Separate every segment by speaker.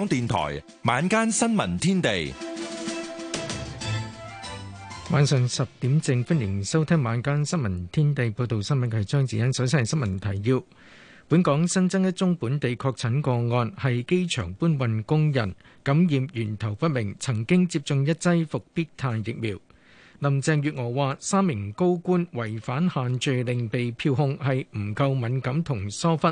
Speaker 1: 港電台晚間新
Speaker 2: 聞天地，
Speaker 3: 晚上十點正，歡迎收聽晚間新聞天地，報道新聞嘅係張子欣，首先係新聞提要：本港新增一宗本地確診個案，係機場搬運工人，感染源頭不明，曾經接種一劑複必泰疫苗。林鄭月娥話：三名高官違反限聚令被票控，係唔夠敏感同疏忽。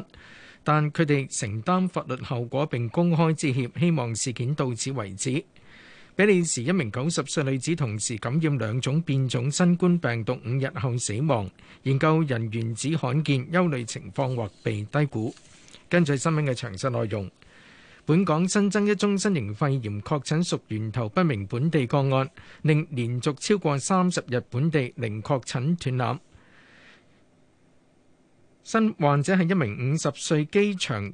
Speaker 3: 但佢哋承擔法律後果並公開致歉，希望事件到此為止。比利時一名九十歲女子同時感染兩種變種新冠病毒，五日後死亡。研究人員指罕見，憂慮情況或被低估。根據新聞嘅詳細內容，本港新增一宗新型肺炎確診屬源頭不明本地個案，令連續超過三十日本地零確診斷纜。新患者係一名五十歲機場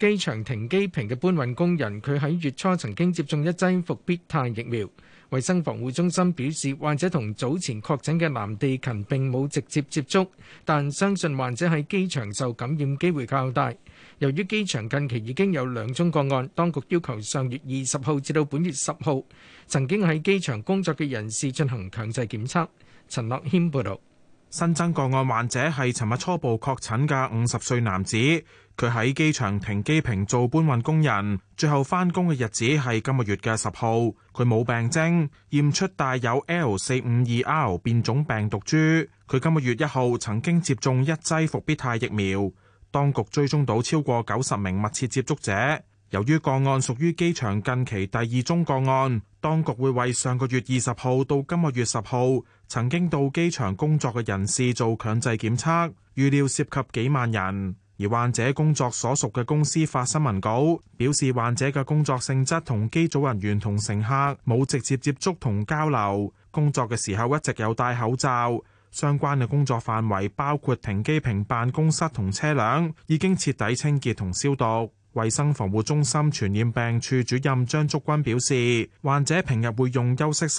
Speaker 3: 機場停機坪嘅搬運工人，佢喺月初曾經接種一劑復必泰疫苗。衛生防護中心表示，患者同早前確診嘅藍地勤並冇直接接觸，但相信患者喺機場受感染機會較大。由於機場近期已經有兩宗個案，當局要求上月二十號至到本月十號曾經喺機場工作嘅人士進行強制檢測。陳樂
Speaker 2: 軒報導。新增個案患者係尋日初步確診嘅五十歲男子，佢喺機場停機坪做搬運工人，最後返工嘅日子係今個月嘅十號，佢冇病徵，驗出帶有 L 四五二 R 變種病毒株，佢今個月一號曾經接種一劑復必泰疫苗，當局追蹤到超過九十名密切接觸者。由於個案屬於機場近期第二宗個案，當局會為上個月二十號到今個月十號曾經到機場工作嘅人士做強制檢測，預料涉及幾萬人。而患者工作所屬嘅公司發新聞稿，表示患者嘅工作性質同機組人員同乘客冇直接接觸同交流，工作嘅時候一直有戴口罩。相關嘅工作範圍包括停機坪、辦公室同車輛，已經徹底清潔同消毒。衛生防護中心傳染病處主任張竹君表示，患者平日會用休息室，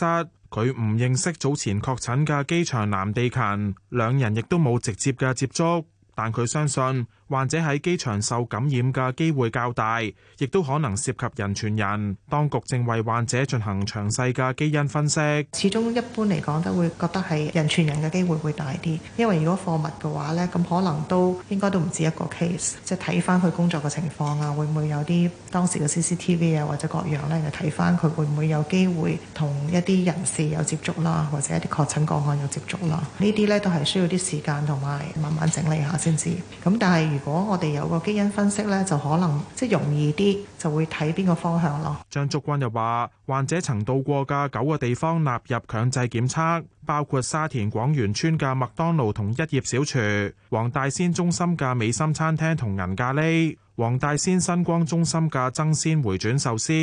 Speaker 2: 佢唔認識早前確診嘅機場南地勤，兩人亦都冇直接嘅接觸，但佢相信，患者喺機場受感染嘅機會較大，亦都可能涉及人傳人。當局正為患者進行詳細嘅基因分析。始終一般嚟講都會覺得係人
Speaker 4: 傳人嘅機會會大啲，因為如果貨物嘅話呢，咁可能都應該都唔止一個 case。即係睇翻佢工作嘅情況啊，會唔會有啲當時嘅 CCTV 啊或者各樣呢，就睇翻佢會唔會有機會同一啲人士有接觸啦，或者一啲確診個案有接觸啦。呢啲呢都係需要啲時間同埋慢慢整理下先知。咁但係如果我哋有個基因分析呢，就可能即容易啲，就會睇邊個方向咯。
Speaker 2: 張竹君又話：患者曾到過嘅九個地方納入強制檢測，包括沙田廣源村嘅麥當勞同一葉小廚、黃大仙中心嘅美心餐廳同銀咖喱、黃大仙新光中心嘅爭鮮回轉壽司、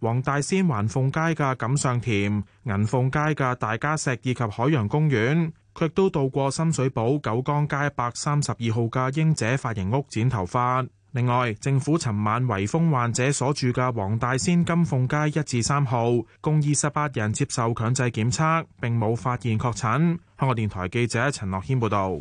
Speaker 2: 黃大仙環鳳街嘅錦上甜、銀鳳街嘅大家石以及海洋公園。卻都到過深水埗九江街一百三十二號嘅英姐髮型屋剪頭髮。另外，政府尋晚圍封患者所住嘅黃大仙金鳳街一至三號，共二十八人接受強制檢測，並冇發現確診。香港電台記者陳樂謙報道。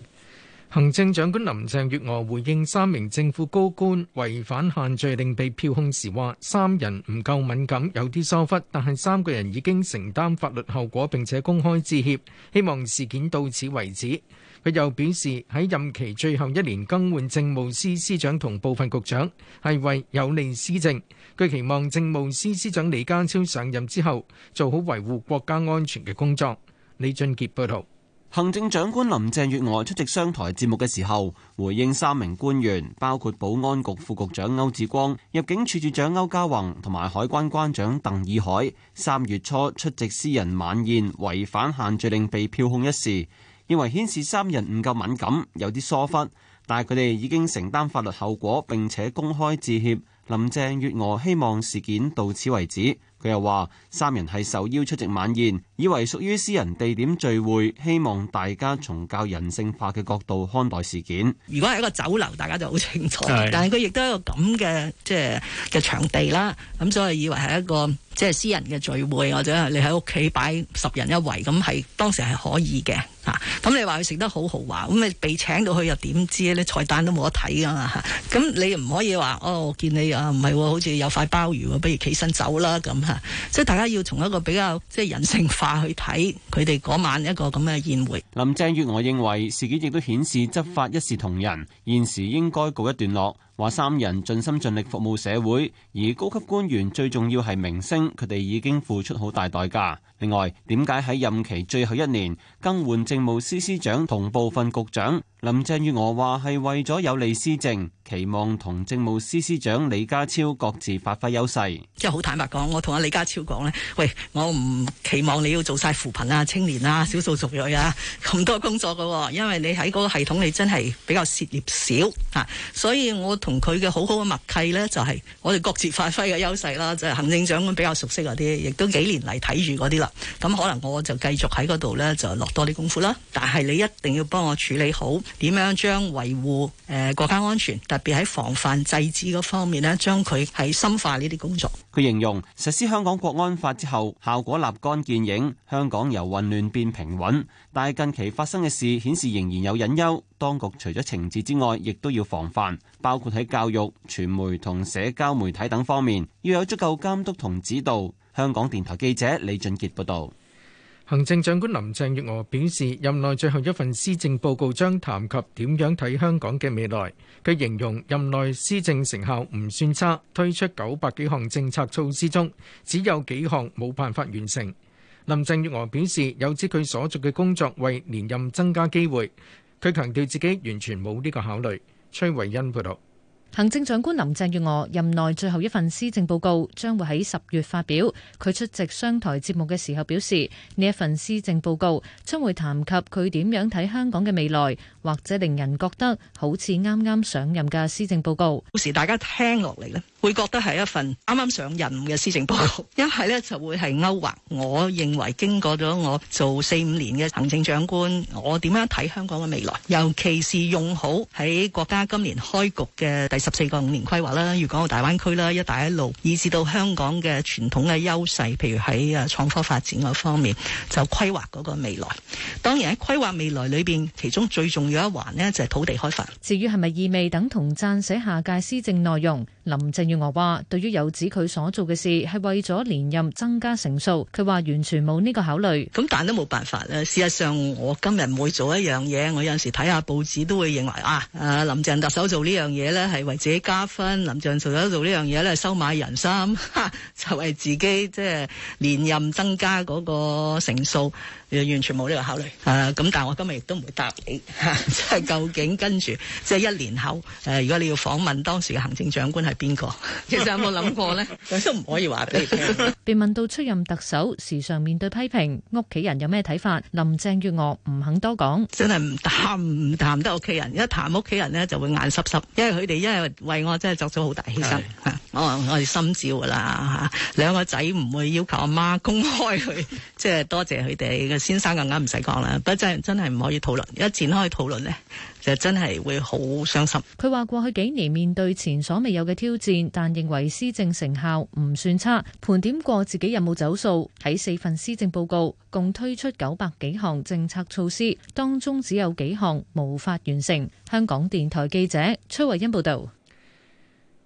Speaker 2: 行政長官林鄭月娥回應三名政
Speaker 3: 府高官違反限聚令被票控時，話三人唔夠敏感，有啲疏忽，但係三個人已經承擔法律後果並且公開致歉，希望事件到此為止。佢又表示喺任期最後一年更換政務司司長同部分局長，係為有利施政。佢期望政務司司長李家超上任之後做好維護國家安全嘅工作。李俊傑報道。
Speaker 5: 行政長官林鄭月娥出席商台節目嘅時候，回應三名官員，包括保安局副局長區志光、入境處處長區嘉宏同埋海關關長鄧以海三月初出席私人晚宴違反限聚令被票控一事，認為顯示三人唔夠敏感，有啲疏忽，但係佢哋已經承擔法律後果，並且公開致歉。林鄭月娥希望事件到此為止。佢又話：三人係受邀出席晚宴，以為屬於私人地點聚會，希望大家從較人性化嘅角度看待事件。如果係一個酒樓，大家就好清楚。
Speaker 6: 是但係佢亦都係一個咁嘅即係嘅場地啦。咁所以以為係一個即係私人嘅聚會，或者你喺屋企擺十人一圍，咁係當時係可以嘅。嚇、啊，咁你話佢食得好豪華，咁你被請到去又點知咧？菜單都冇得睇啊嘛。咁你唔可以話哦，我見你啊，唔係、哦、好似有塊鮑魚、啊，不如起身走啦咁、啊即係大家要從一個比較即係人性化去睇佢哋嗰晚一個咁嘅宴會。
Speaker 5: 林鄭月娥認為事件亦都顯示執法一視同仁，現時應該告一段落。話三人盡心盡力服務社會，而高級官員最重要係明星，佢哋已經付出好大代價。另外，點解喺任期最後一年更換政務司司長同部分局長？林鄭月娥話係為咗有利施政，期望同政務司司長李家超各自發揮優勢。
Speaker 6: 即係好坦白講，我同阿李家超講咧，喂，我唔期望你要做晒扶貧啊、青年啊、少數族裔啊咁多工作噶喎，因為你喺嗰個系統你真係比較涉獵少啊，所以我同。同佢嘅好好嘅默契呢，就係我哋各自發揮嘅優勢啦。就係行政長官比較熟悉嗰啲，亦都幾年嚟睇住嗰啲啦。咁可能我就繼續喺嗰度呢，就落多啲功夫啦。但係你一定要幫我處理好，點樣將維護誒國家安全，特別喺防範制止嗰方面呢，將佢喺深化呢啲工作。佢形容實施香港國
Speaker 5: 安法之後，效果立竿見影，香港由混亂變平穩，但係近期發生嘅事顯示仍然有隱憂。當局除咗懲治之外，亦都要防範，包括喺教育、傳媒同社交媒體等方面，要有足夠監督同指導。
Speaker 3: 香港電台記者李俊杰報道。行政長官林鄭月娥表示，任內最後一份施政報告將談及點樣睇香港嘅未來。佢形容任內施政成效唔算差，推出九百幾項政策措施中，只有幾項冇辦法完成。林鄭月娥表示，有知佢所做嘅工作為連任增加機會。佢強調自己完全冇呢個考慮。崔惠恩報導。
Speaker 4: 行政長官林鄭月娥任內最後一份施政報告將會喺十月發表。佢出席商台節目嘅時候表示，呢一份施政報告將會談及佢點樣睇香港嘅未來，或者令人覺得好似啱啱上任嘅施政報
Speaker 6: 告。到時大家聽落嚟呢，會覺得係一份啱啱上任嘅施政報告。一係呢，就會係勾畫，我認為經過咗我做四五年嘅行政長官，我點樣睇香港嘅未來，尤其是用好喺國家今年開局嘅第十四個五年規劃啦，粵港澳大灣區啦，一帶一路，以至到香港嘅傳統嘅優勢，譬如喺誒創科發展嗰方面，就規劃嗰個未來。當然喺規劃未來裏邊，其中最重要一環咧就係土地開發。
Speaker 4: 至於係咪意味等同撰寫下屆施政內容？林鄭月娥話，對於有指佢所做嘅事係為咗連任
Speaker 6: 增加成數，佢話完全冇呢個考慮。咁但都冇辦法啦。事實上，我今日唔會做一樣嘢。我有時睇下報紙都會認為啊，林鄭特首做呢樣嘢呢，係為自己加分，林鄭特首做呢樣嘢呢，收買人心，就係自己即係連任增加嗰個成數。完全冇呢個考慮，啊咁，但係我今日亦都唔會答你，即係究竟跟住即係一年後，誒，如果你要訪問當時嘅行政長官係邊個，其實有冇諗過咧？ 都唔可以話俾你聽。被問
Speaker 4: 到出任特首，時常面對批評，屋企人有咩睇法？林鄭月娥唔肯多
Speaker 6: 講，真係唔談，唔談得屋企人，一談屋企人咧就會眼濕濕，因為佢哋因為為我真係作咗好大犧牲哦、我哋心照噶啦，兩個仔唔會要求阿媽公開佢，即係多謝佢哋嘅先生更加唔使講啦，不真係真係唔可以討論，一展開討論呢，就真係會好傷心。佢話過去幾年面
Speaker 4: 對前所未有嘅挑戰，但認為施政成效唔算差。盤點過自己有冇走數，喺四份施政報告共推出九百幾項政策措施，當中只有幾項無法完成。香港電台記者崔慧欣報道。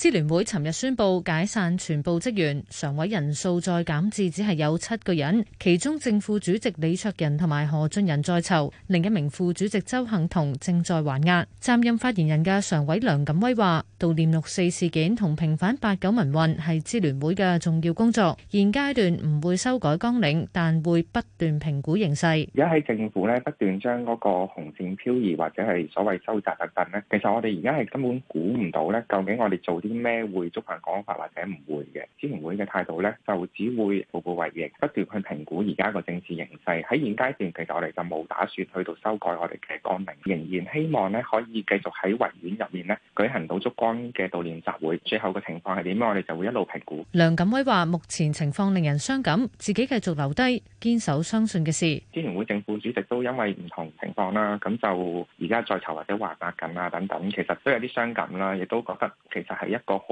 Speaker 4: 支聯會尋日宣布解散全部職員，常委人數再減至只係有七個人，其中正副主席李卓人同埋何俊仁在囚，另一名副主席鄒幸彤正在還押。擔任發言人嘅常委梁錦威話：悼念六四事件同平反八九民運係支聯會嘅重要工作，現階段唔會修改綱領，但會不斷評估形勢。而
Speaker 1: 家喺政府咧不斷將嗰個紅線漂移，或者係所謂收窄等等咧，其實我哋而家係根本估唔到咧，究竟我哋做啲。咩會觸犯講法或者唔會嘅？支聯會嘅態度呢，就只會步步為營，不斷去評估而家個政治形勢。喺現階段其實我哋就冇打算去到修改我哋嘅綱領，仍然希望呢，可以繼續喺維園入面咧舉行到燭光嘅悼念集會。最後嘅情況係點樣，我哋就會一路評估。
Speaker 4: 梁錦威話：目前情況令人傷感，自己繼續留低，堅守相信嘅事。
Speaker 1: 支聯會政府主席都因為唔同情況啦，咁就而家在囚或者還押緊啊等等，其實都有啲傷感啦，亦都覺得其實係一個好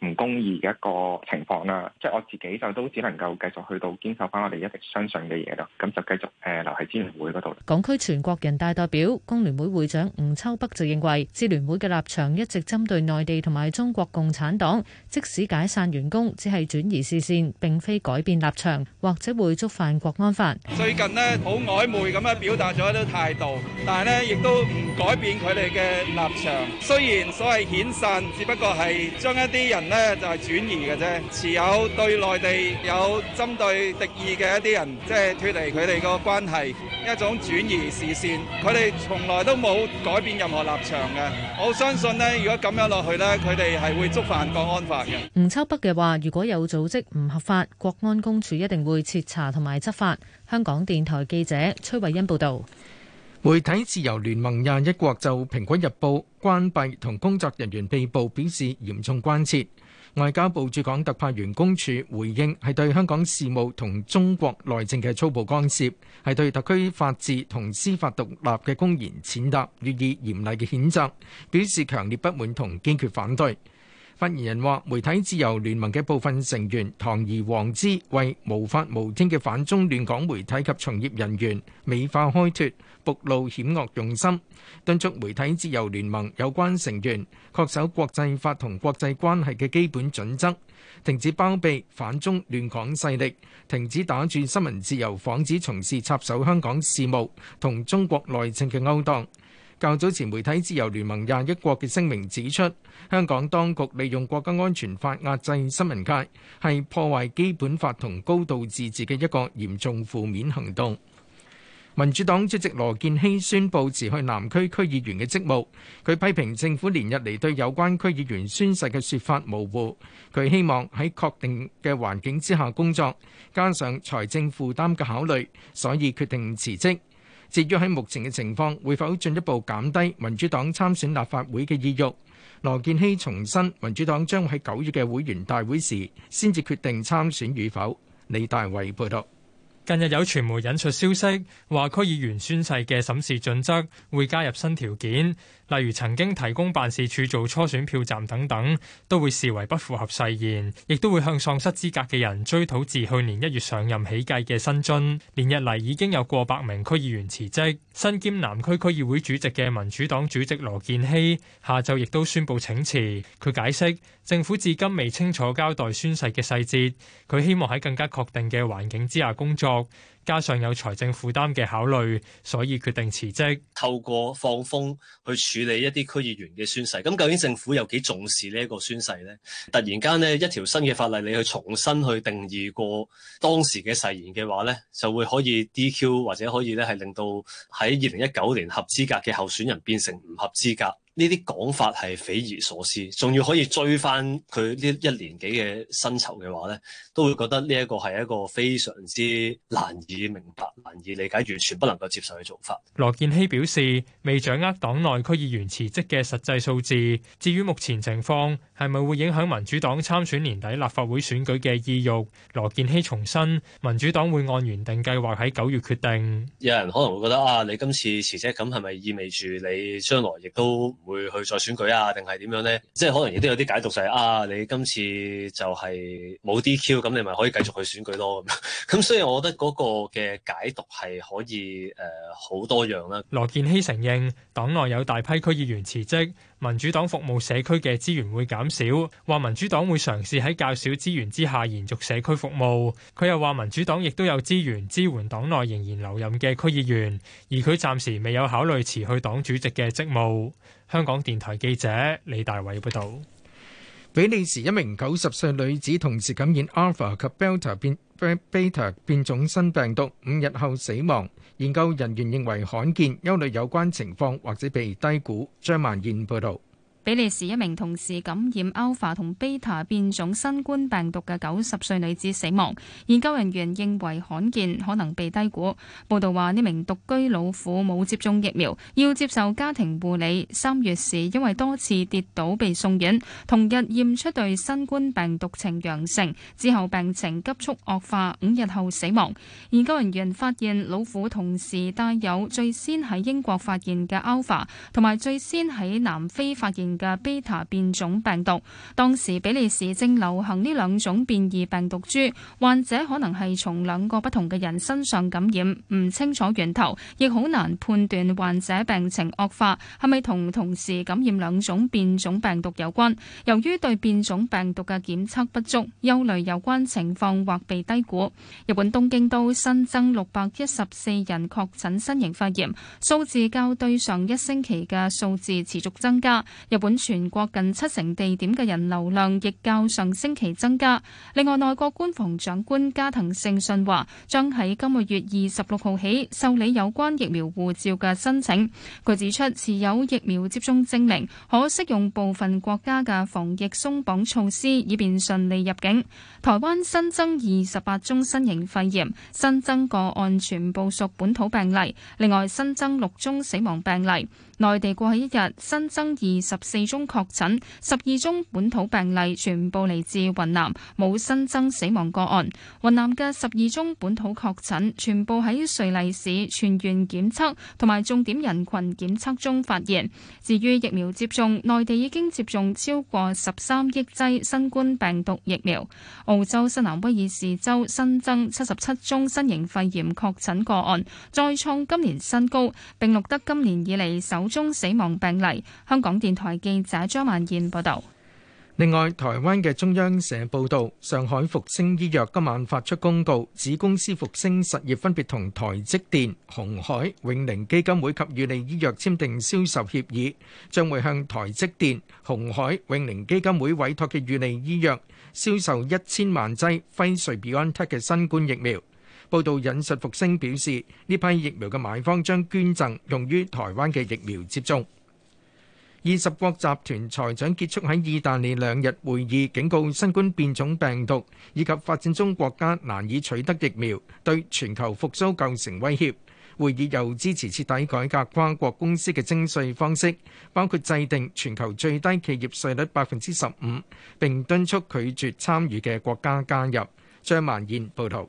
Speaker 1: 唔公義嘅一個情況啦，即係我自己就都只能夠繼續去到堅守翻我哋一直相信嘅嘢咯，咁就繼續誒留喺支聯會嗰度。
Speaker 4: 港區全國人大代表、工聯會會長吳秋北就認為，支聯會嘅立場一直針對內地同埋中國共產黨，即使解散員工，只係轉移視線，並非改變立場，或者會觸犯國安法。
Speaker 3: 最近呢好曖昧咁樣表達咗一啲態度，但係呢亦都唔改變佢哋嘅立場。雖然所謂遣散，只不過係。係將一啲人呢，就係轉移嘅啫，持有對內地有針對敵意嘅一啲人，即係脫離佢哋個關係一種轉移視線。佢哋從來都冇改變任何立場嘅。我相信呢，如果咁樣落去呢，佢哋係
Speaker 5: 會觸犯國安法嘅。
Speaker 4: 吳秋北嘅話：如果有組織唔合法，國安公署一定會徹查同埋執法。香港電台記者崔慧欣報道。
Speaker 3: 媒體自由聯盟廿一國就《蘋果日報》關閉同工作人員被捕表示嚴重關切。外交部駐港特派員公署回應係對香港事務同中國內政嘅粗暴干涉，係對特區法治同司法獨立嘅公然踐踏，予以嚴厲嘅譴責，表示強烈不滿同堅決反對。發言人話：媒體自由聯盟嘅部分成員堂而皇之為無法無天嘅反中亂港媒體及從業人員美化開脱、暴露險惡用心，敦促媒體自由聯盟有關成員確守國際法同國際關係嘅基本準則，停止包庇反中亂港勢力，停止打着新聞自由幌子，從事插手香港事務同中國內政嘅勾當。較早前，媒體自由聯盟廿一國嘅聲明指出，香港當局利用國家安全法壓制新聞界，係破壞基本法同高度自治嘅一個嚴重負面行動。民主黨主席羅健熙宣布辭去南區區議員嘅職務，佢批評政府連日嚟對有關區議員宣誓嘅說法模糊，佢希望喺確定嘅環境之下工作，加上財政負擔嘅考慮，所以決定辭職。至於喺目前嘅情況，會否進一步減低民主黨參選立法會嘅意欲？羅建熙重申，民主黨將喺九月嘅會員大會時先至決定參選與否。李大偉報
Speaker 1: 道，近日有傳媒引述消息，話區議員宣誓嘅審視準則會加入新條件。例如曾經提供辦事處做初選票站等等，都會視為不符合誓言，亦都會向喪失資格嘅人追討自去年一月上任起計嘅薪津。連日嚟已經有過百名區議員辭職，身兼南區區議會主席嘅民主黨主席羅健熙下晝亦都宣布請辭。佢解釋政府至今未清楚交代宣誓嘅細節，佢希望喺更加確定嘅環境之下工作。加上有財政負擔嘅考慮，所以決定辭職。透
Speaker 7: 過放風去處理一啲區議員嘅宣誓，咁究竟政府有幾重視呢一個宣誓呢？突然間呢一條新嘅法例，你去重新去定義過當時嘅誓言嘅話呢，就會可以 DQ 或者可以咧係令到喺二零一九年合資格嘅候選人變成唔合資格。呢啲講法係匪夷所思，仲要可以追翻佢呢一年幾嘅薪酬嘅話呢都會覺得呢一個係一個非常之難以明白、難以理解、完全不能夠接受嘅做法。
Speaker 1: 羅健熙表示，未掌握黨內區議員辭職嘅實際數字。至於目前情況係咪會影響民主黨參選年底立法會選舉嘅意欲，羅健熙重申，民主黨會按原定計劃喺九月決定。
Speaker 7: 有人可能會覺得啊，你今次辭職咁係咪意味住你將來亦都會去再選舉啊，定係點樣呢？即係可能亦都有啲解讀，就啊，你今次就係冇 DQ，咁你咪可以繼續去選舉咯，啊。咁、 嗯，咁所以我覺得嗰個嘅解讀係可以誒好、呃、多樣啦。
Speaker 1: 羅建熙承認黨內有大批區議員辭職，民主黨服務社區嘅資源會減少，話民主黨會嘗試喺較少資源之下，延續社區服務。佢又話民主黨亦都有資源支援黨內仍然留任嘅區議員，而佢暫時未有考慮辭去黨主席嘅職務。香港電台記者李大偉報道，
Speaker 3: 比利時一名九十歲女子同時感染 Alpha 及 Beta 變 Beta 變種新病毒，五日後死亡。研究人員認為罕見，憂慮有關情況或者被低估。張曼燕報道。
Speaker 8: 比利時一名同時感染 Alpha 同 Beta 變種新冠病毒嘅九十歲女子死亡。研究人員認為罕見，可能被低估。報道話呢名獨居老婦冇接種疫苗，要接受家庭護理。三月時因為多次跌倒被送院，同日驗出對新冠病毒呈陽性，之後病情急速惡化，五日後死亡。研究人員發現老婦同時帶有最先喺英國發現嘅 Alpha，同埋最先喺南非發現。嘅 beta 變種病毒。當時比利時正流行呢兩種變異病毒株，患者可能係從兩個不同嘅人身上感染，唔清楚源頭亦好難判斷患者病情惡化係咪同同時感染兩種變種病毒有關，由於對變種病毒嘅檢測不足，憂慮有關情況或被低估。日本東京都新增六百一十四人確診新型肺炎，數字較對上一星期嘅數字持續增加。日本。本全國近七成地點嘅人流量，亦較上星期增加。另外，內閣官房長官加藤勝信話，將喺今個月二十六號起受理有關疫苗護照嘅申請。佢指出，持有疫苗接種證明，可適用部分國家嘅防疫鬆綁措施，以便順利入境。台灣新增二十八宗新型肺炎，新增個案全部屬本土病例。另外，新增六宗死亡病例。內地過去一日新增二十四宗確診，十二宗本土病例全部嚟自雲南，冇新增死亡個案。雲南嘅十二宗本土確診全部喺瑞麗市全員檢測同埋重點人群檢測中發現。至於疫苗接種，內地已經接種超過十三億劑新冠病毒疫苗。澳洲新南威爾士州新增七十七宗新型肺炎確診個案，再創今年新高，並錄得今年以嚟首。中死亡病例，香港電台記者張曼燕報道。
Speaker 3: 另外，台灣嘅中央社報道，上海復星醫藥今晚發出公告，子公司復星實業分別同台積電、鴻海、永齡基金會及宇利醫藥簽訂銷售協議，將會向台積電、鴻海、永齡基金會委託嘅宇利醫藥銷售一千萬劑輝瑞 Biontech 嘅新冠疫苗。報道引述復星表示，呢批疫苗嘅買方將捐贈用於台灣嘅疫苗接種。二十國集團財長結束喺意大利兩日會議，警告新冠變種病毒以及發展中國家難以取得疫苗，對全球復甦構成威脅。會議又支持徹底改革跨國公司嘅徵稅方式，包括制定全球最低企業稅率百分之十五，並敦促拒絕參與嘅國家加入。張萬燕報道。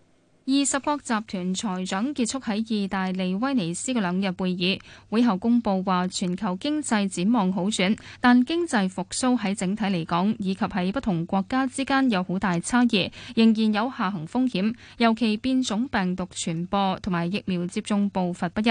Speaker 8: 二十國集團財長結束喺意大利威尼斯嘅兩日會議，會後公布話全球經濟展望好轉，但經濟復甦喺整體嚟講，以及喺不同國家之間有好大差異，仍然有下行風險。尤其變種病毒傳播同埋疫苗接種步伐不一。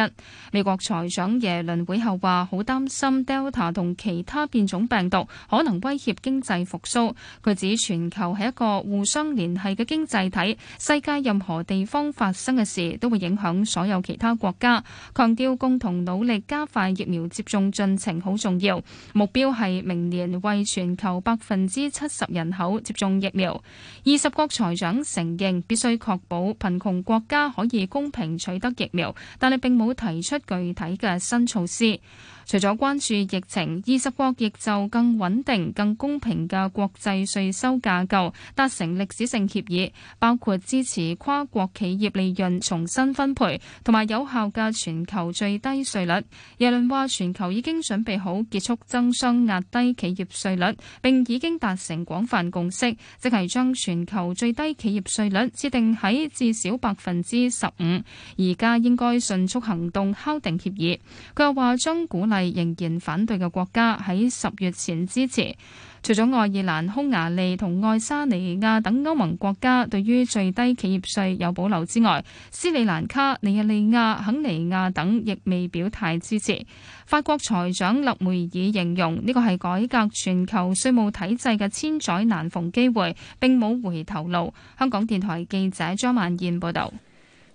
Speaker 8: 美國財長耶倫會後話好擔心 Delta 同其他變種病毒可能威脅經濟復甦。佢指全球係一個互相聯繫嘅經濟體，世界任何。地方發生嘅事都會影響所有其他國家，強調共同努力加快疫苗接種進程好重要。目標係明年為全球百分之七十人口接種疫苗。二十國財長承認必須確保貧窮國家可以公平取得疫苗，但係並冇提出具體嘅新措施。除咗關注疫情，二十國亦就更穩定、更公平嘅國際稅收架構達成歷史性協議，包括支持跨國企業利潤重新分配，同埋有效嘅全球最低稅率。耶倫話：全球已經準備好結束競相壓低企業稅率，並已經達成廣泛共識，即係將全球最低企業稅率設定喺至少百分之十五。而家應該迅速行動敲定協議。佢又話：將鼓勵。係仍然反對嘅國家喺十月前支持。除咗愛爾蘭、匈牙利同愛沙尼亞等歐盟國家對於最低企業稅有保留之外，斯里蘭卡、尼日利亞、肯尼亞等亦未表態支持。法國財長勒梅爾形容呢個係改革全球稅務體制嘅千載難逢機會，並冇回頭路。香港電台記者張曼燕報道。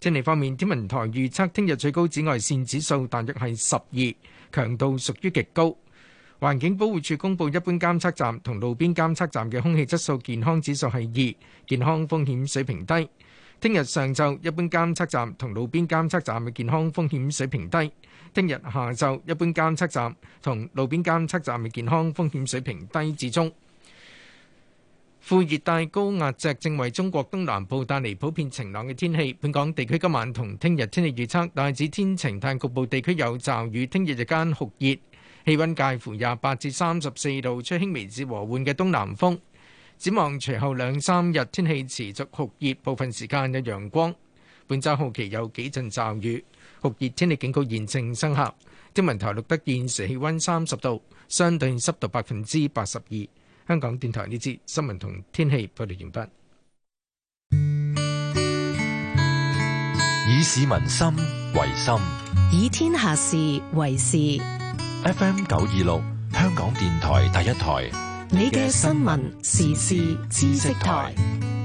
Speaker 3: 天氣方面，天文台預測聽日最高紫外線指數大約係十二，強度屬於極高。環境保護署公布，一般監測站同路邊監測站嘅空氣質素健康指數係二，健康風險水平低。聽日上晝，一般監測站同路邊監測站嘅健康風險水平低。聽日下晝，一般監測站同路邊監測站嘅健康風險水平低至中。副熱帶高壓脊正為中國東南部帶嚟普遍晴朗嘅天氣。本港地區今晚同聽日天氣預測大致天晴，但局部地區有驟雨。聽日日間酷熱，氣温介乎廿八至三十四度，吹輕微至和緩嘅東南風。展望隨後兩三日天氣持續酷熱，部分時間有陽光。本週後期有幾陣驟雨，酷熱天氣警告現正生效。天文台錄得現時氣温三十度，相對濕度百分之八十二。香港電台呢節新聞同天氣報道完畢。
Speaker 1: 以市民心為心，以天下事為事。FM 九二六，香港電台第一台，你嘅新
Speaker 9: 聞時事知識台。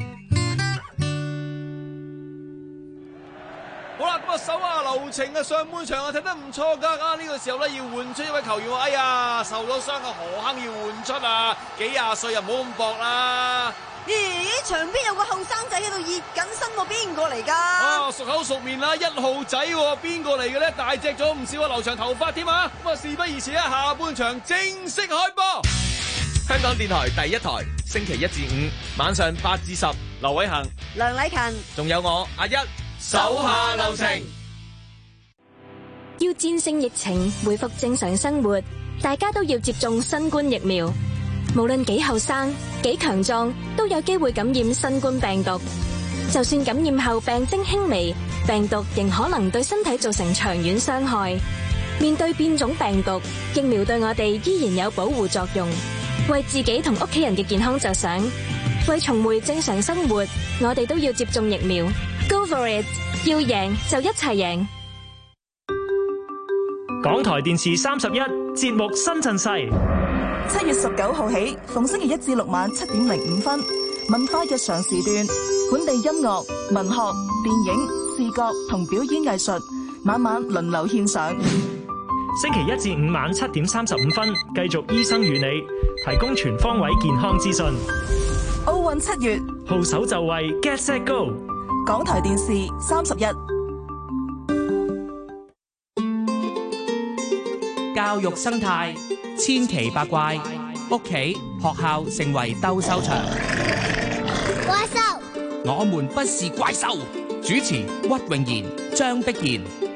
Speaker 5: 個、啊、手下留情啊，上半場啊，睇得唔錯噶。啊，呢、這個時候咧，要換出一位球員。哎呀，受咗傷嘅何坑要換出啊。幾廿歲又唔好咁搏啦。
Speaker 9: 薄啊、咦，場邊有個後生仔喺度熱緊身，個邊個嚟噶？啊
Speaker 5: 熟口熟面啦，、啊，一號仔、啊，邊個嚟嘅咧？大隻咗唔少，我留長頭髮添啊。咁啊，啊，事不宜遲啊，下半場正式開波。
Speaker 3: 香港電台第一
Speaker 5: 台，星期一至五晚上八至十，劉偉恒、
Speaker 9: 梁禮勤，
Speaker 5: 仲有我阿一。手下留情，
Speaker 3: 要戰勝疫情、恢復正常生活，大家都要接種新冠疫苗。無論幾後生、幾強壯，都有機會感染新冠病毒。就算感染後病徵輕微，病毒仍可能對身體造成長遠傷害。面對變種病毒，疫苗對我哋依然有保護作用。為自己同屋企人
Speaker 4: 嘅
Speaker 10: 健康着想，為重回正常生活，我哋都要接種疫苗。Go for it！要贏就一齊贏。
Speaker 7: 港台電視三十一節目新陣勢，
Speaker 6: 七月十九號起，逢星期一至六晚七點零五分，文化日常時段，本地音樂、文學、電影、視覺同表演藝術晚晚輪流獻上。
Speaker 7: 星期一至五晚七點三十五分，繼續醫生與你，提供全方位健康資訊。
Speaker 9: 奧運七月，
Speaker 7: 號手就位，Get set go！
Speaker 9: 港台電視三
Speaker 6: 十一，教育生態千奇百怪，屋企學校成為
Speaker 1: 鬥獸場，
Speaker 2: 怪獸，
Speaker 1: 我們不是怪獸。主持屈永賢、張碧賢。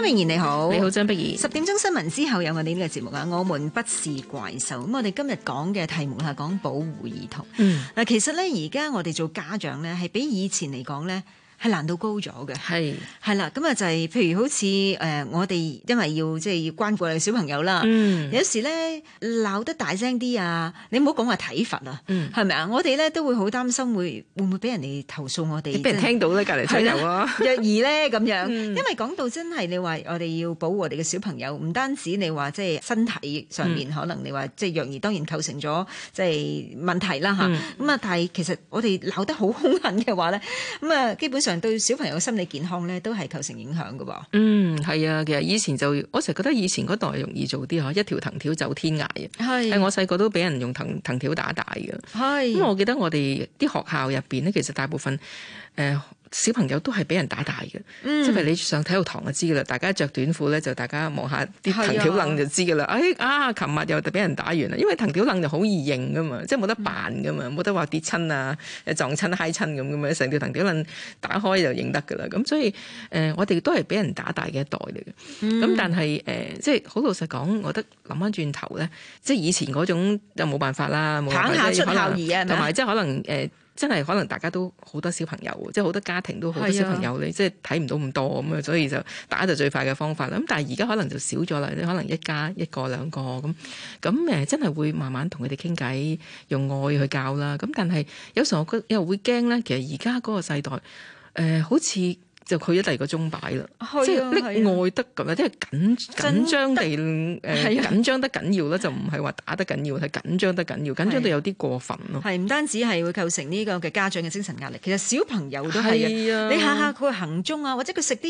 Speaker 10: 張明賢你好，你好張碧儀。十點鐘新聞之後有我哋呢個節目啊，我們不是怪獸。咁我哋今日講嘅題目係講保護兒童。嗯，嗱，其實咧而家我哋做家長咧，係比以前嚟講咧。係難度高咗嘅，係係啦，咁啊就係譬如好似誒、呃，我哋因為要即係、就是、要關顧嘅小朋友啦，嗯、有時咧鬧得大聲啲啊，你唔好講話體罰啊，係咪啊？我哋咧都會好擔心會會唔會俾人哋投訴我哋，俾人聽到咧隔離左右啊，虐兒咧咁樣，嗯、因為講到真係你話我哋要保護我哋嘅小朋友，唔單止你話即係身體上面、嗯、可能你話即係虐兒當然構成咗即係問題啦吓，咁、嗯、啊但係其實我哋鬧得好兇狠嘅話咧，咁啊基本上。對小朋友嘅心理健康咧，都係構成影響嘅。嗯，
Speaker 9: 係啊，其實以前就我成日覺得以前嗰代容易做啲吓，一條藤條走天涯嘅。係，我細個都俾人用藤藤條打大嘅。係，咁、嗯、我記得我哋啲學校入邊咧，其實大部分誒。呃小朋友都係俾人打大嘅，嗯、即係你上體育堂就知嘅啦。大家着短褲咧，就大家望下啲藤條楞就知嘅啦。哎啊，琴日、哎啊、又俾人打完啦，因為藤條楞就好易認㗎嘛，即係冇得扮㗎嘛，冇得話跌親啊、撞親、嗨親咁嘅嘛。成條藤條楞打開就認得嘅啦。咁所以誒、呃，我哋都係俾人打大嘅一代嚟嘅。咁、嗯、但係誒、呃，即係好老實講，我覺得諗翻轉頭咧，即係以前嗰種就冇辦法啦。冇下出同埋即係可能誒。真係可能大家都好多小朋友，即係好多家庭都好多小朋友你是、啊、即係睇唔到咁多咁啊，所以就打就最快嘅方法啦。咁但係而家可能就少咗啦，你可能一家一個兩個咁，咁誒真係會慢慢同佢哋傾偈，用愛去教啦。咁但係有時候我覺得又會驚咧，其實而家嗰個世代誒、呃、好似。就去咗第二個鐘擺啦，是啊、即係溺愛得咁即係緊緊張地，緊張得緊要啦，就唔係話打得緊要，係緊張得緊要，緊張到有啲過分咯、啊。
Speaker 10: 係唔、啊、單止係會構成呢個嘅家長嘅精神壓力，其實小朋友都係啊，你下下佢行蹤啊，或者佢食啲。